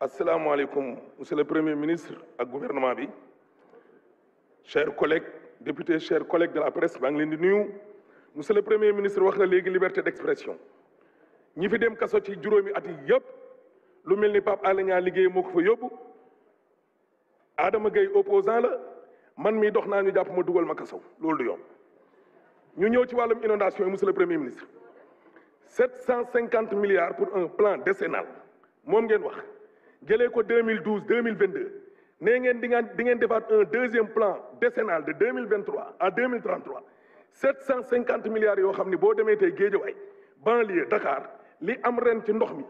asalaamaaleykum monsieur le premier ministre ak gouvernement bi chers collègues députés chers collègues de la presse maa ngi leen di nuyu monsieur le premier ministre wax na léegi liberté d'expression ñi fi dem kaso ci juróomi ati yi yëpp lu mel ni Pape Alé Niang liggéey moo ko fa yóbbu Adama gay opposant la man mii dox naa ñu jàpp ma dugal ma kaso loolu du yomb ñu ñëw ci wàllum inondation yi monsieur le premier ministre cinquante milliards pour un plan décennal moom ngeen wax jëlee ko 2012 2022 nee ngeen di ngeen di ngeen defaat un deuxième plan décennal de 2023 à 2033 750 milliards yoo xam ni boo demee tey Géejawaay banlieue Dakar li am ren ci ndox mi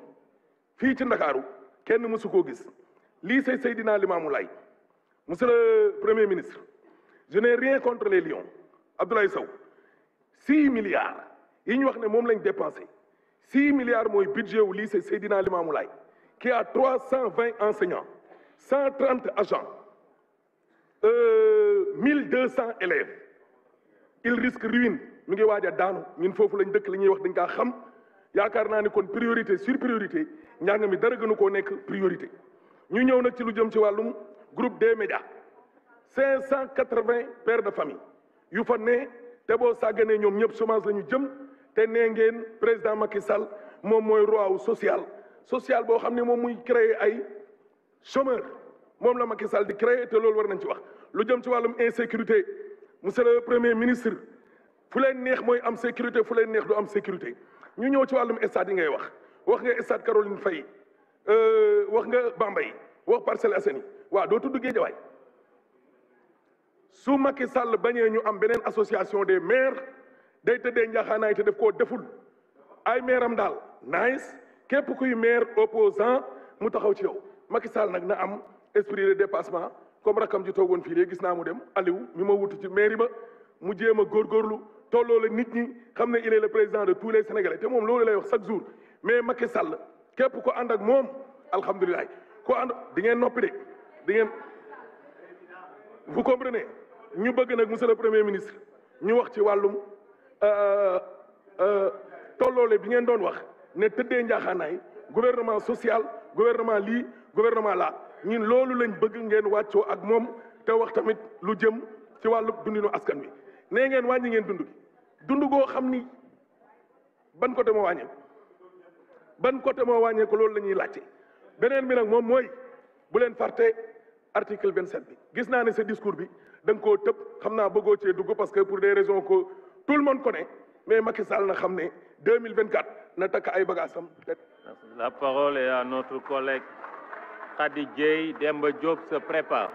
fii ci Ndakaaru kenn mësu koo gis lii say Seydina Limaamu Laay monsieur le premier ministre je n'ai rien contre les lions Abdoulaye Sow six milliards yi ñu wax ne moom lañ dépensé six milliards mooy budget wu lii say Seydina Limaamu Laay qui a 320 enseignants, 130 agents, euh, 1200 élèves. Il risque ruine. Nous avons dit que nous avons dit que wax dañ kaa xam yaakaar naa ni kon priorité sur priorité mi dara gënu koo nekk priorité ñu ñëw na ci lu jëm ci wàllum groupe des médias cinq cent quatre-vingts pères de famille yu fa ne te boo sàgganee ñoom ñëpp chômage la ñu jëm te nee ngeen président Macky sal moom mooy roi sociale sociale boo xam ne moom muy créer ay chômeur moom la Macky Sall di créer te loolu war nañ ci wax lu jëm ci wàllum insécurité monsieur le premier ministre fu leen neex mooy am sécurité fu leen neex lu am sécurité ñu ñëw ci wàllum stade yi ngay wax wax nga stade Caroline Faye euh, wax nga Bambey wax Parcelles Assainies waaw doo tudd Guédiawaye su Macky Sall bañee ñu am beneen association des maire day tëddee njaaxaanaay te def koo deful ay maire am daal nice képp kuy maire opposant mu taxaw ci yow Macky Sall nag na am esprit de dépassement comme rakam ji toogoon fii léegi gis naa mu dem Aliou mi ma wutu ci mairie ba mu jéem a góorgóorlu tolloo la nit ñi xam ne il est le président de tous les sénégalais te moom loolu lay wax chaque jour mais Macky Sall képp ko ànd ak moom alhamdulilah ko ànd di ngeen noppi de di ngeen vous comprenez ñu bëgg nag monsieur le premier ministre ñu wax ci wàllum euh, euh, tolloole bi ngeen doon wax. ne tëddee njaaxaanaay gouvernement social gouvernement lii gouvernement laa ñun loolu lañ bëgg ngeen wàccoo ak moom te wax tamit lu jëm ci wàllu dundinu askan wi nee ngeen wàññi ngeen dund gi dund goo xam ni ban côté moo wàññeeku ban côté moo wàññeeku loolu la ñuy laajte beneen bi nag moom mooy bu leen farte article vingt sept bi gis naa ne sa discours bi da nga koo tëb xam naa bëggoo e dugg parce que pour des raisons que tout le ko connaît mais Macky Sall na xam ne 2024 na takk ay bagaasam La parole est à notre collègue Khady Dieye. Demba Diop se prépare.